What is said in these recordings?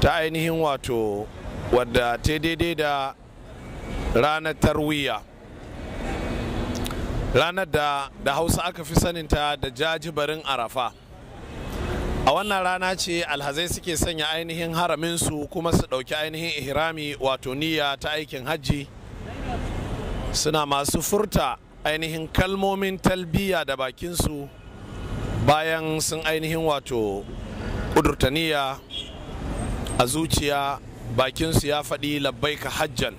ta ainihin wato wadda ta daidai da ranar tarwiya ranar da da hausa aka fi saninta da jajibarin arafa a wannan rana ce alhazai suke sanya ainihin haraminsu kuma su ɗauki ainihin ihrami wato niyya ta aikin hajji suna masu furta ainihin kalmomin talbiya da bakinsu bayan sun ainihin wato ƙudurtaniya a zuciya bakin su ya faɗi labbaika hajjan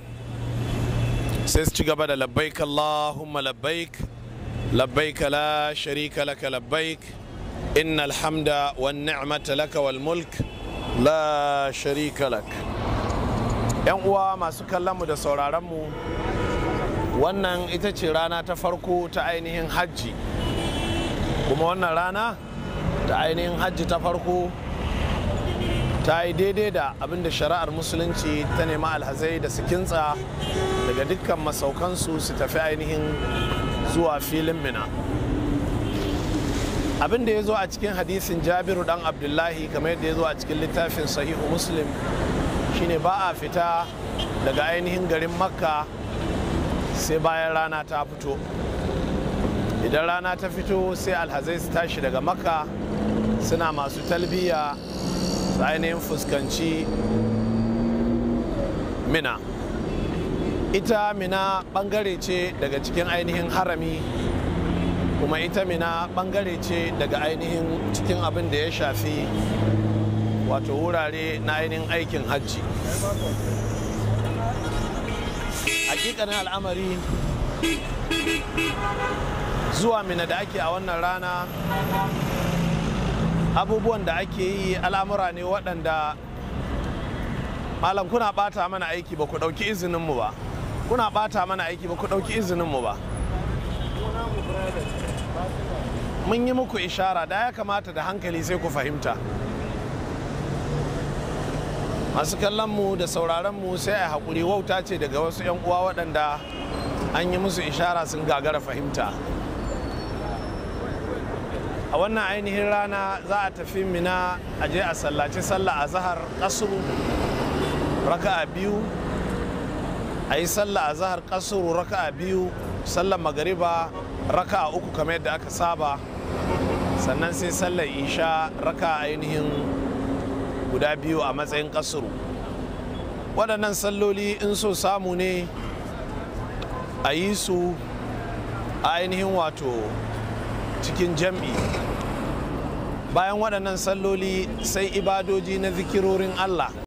sai su ci gaba da labbaika Allahumma labbaik labbaika la sharika laka labbaik inna alhamda wa ni'mata laka wal mulk la sharika lak yan uwa masu mu da mu. wannan ita ce rana ta farko ta ainihin hajji kuma wannan rana ta ainihin hajji ta farko ta yi daidai da abin da shari'ar musulunci ta nema alhazai da su kintsa daga dukkan masaukansu su tafi ainihin zuwa filin mina abin da ya zo a cikin hadisin jabiru dan abdullahi kamar yadda ya zo a cikin littafin sahihu muslim shine ba a fita daga ainihin garin makka sai bayan rana ta fito idan rana ta fito sai alhazai su tashi daga makka suna masu talbiya su ainihin fuskanci mina ita mina bangare ce daga cikin ainihin harami kuma ita mina bangare ce daga ainihin cikin abin da ya shafi wato wurare na ainihin aikin hajji hakikanin al'amari zuwa mina da ake a wannan rana abubuwan da ake yi al'amura ne waɗanda malam kuna ɓata mana aiki ba ku ɗauki izininmu ba kuna ɓata mana aiki ba ku ɗauki mu ba mun yi muku ishara da ya kamata da hankali sai ku fahimta masu kallonmu da sauraronmu sai a haƙuri wauta ce daga wasu 'yan uwa waɗanda an yi musu ishara sun gagara fahimta a wannan ainihin rana za a tafi mina a je a sallaci sallah a zahar kasuru raka'a biyu a yi sallah a zahar kasuru raka'a biyu sallar magariba raka'a uku kamar yadda aka saba sannan sai sallar isha raka ainihin guda biyu a matsayin kasuru waɗannan salloli in so samu ne a yi su a ainihin wato cikin jam'i bayan waɗannan salloli sai ibadoji na zikirorin Allah